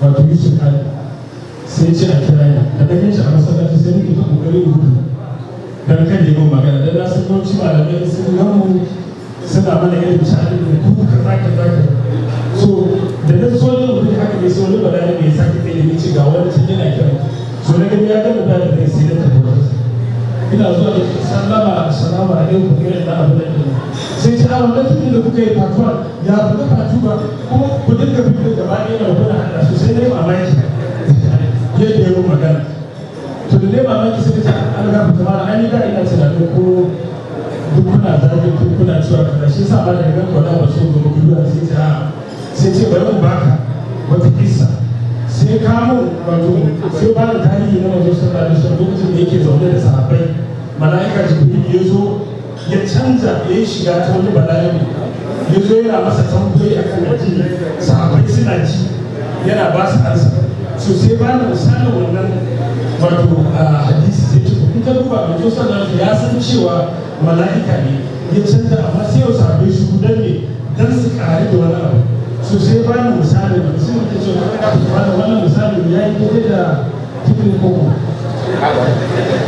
wato yi shi kare sai ce a kira ni da ɗan shi a masu masallaci sai muke ta ƙoƙarin rubutu don kan yi magana don na san yawanci malamai sun gamu suna mana irin shaɗin da ku kaza kaza so da na so ne mutum haka ne so ne ba da ne sake kai ne ce ga wani cikin na kira so na gani ya gama da ne sai na tafi ina zuwa da sallama assalamu alaikum irin na abin da sai ce a ah, wannan cikin da kuka yi fatuwa ya fi na fatuwa kuma ku dinga fitar da ba bayan yana wani hada ko magana to da dai mamaki suka ce an gafa ta mara an da ina tunanin ko duk kuna zagin duk kuna cewa kaza shi sa ba da ga kwana ba so gobe gudu sai ce ah. sai ce bari mu baka wata kissa sai kamo wato sai ba da tarihi na wajen sallallahu alaihi wasallam lokacin da yake zaune da sahabbai mala'ika jibril ya zo ya canza ya yi shiga ta wani bala'i ya zo yana masa tambayi a kan addini sahabbai suna ji yana ba su ansa so sai ba da misalin wato hadisi zai ce in ka duba mai sosan nasu ya san cewa mala'ika ne ya canza amma sai yau sabe shi gudan ne don su kare da wani abu so sai ba ni misali da su mutum ce wani kafin ba da wannan misali ya yi daidai da tibin koko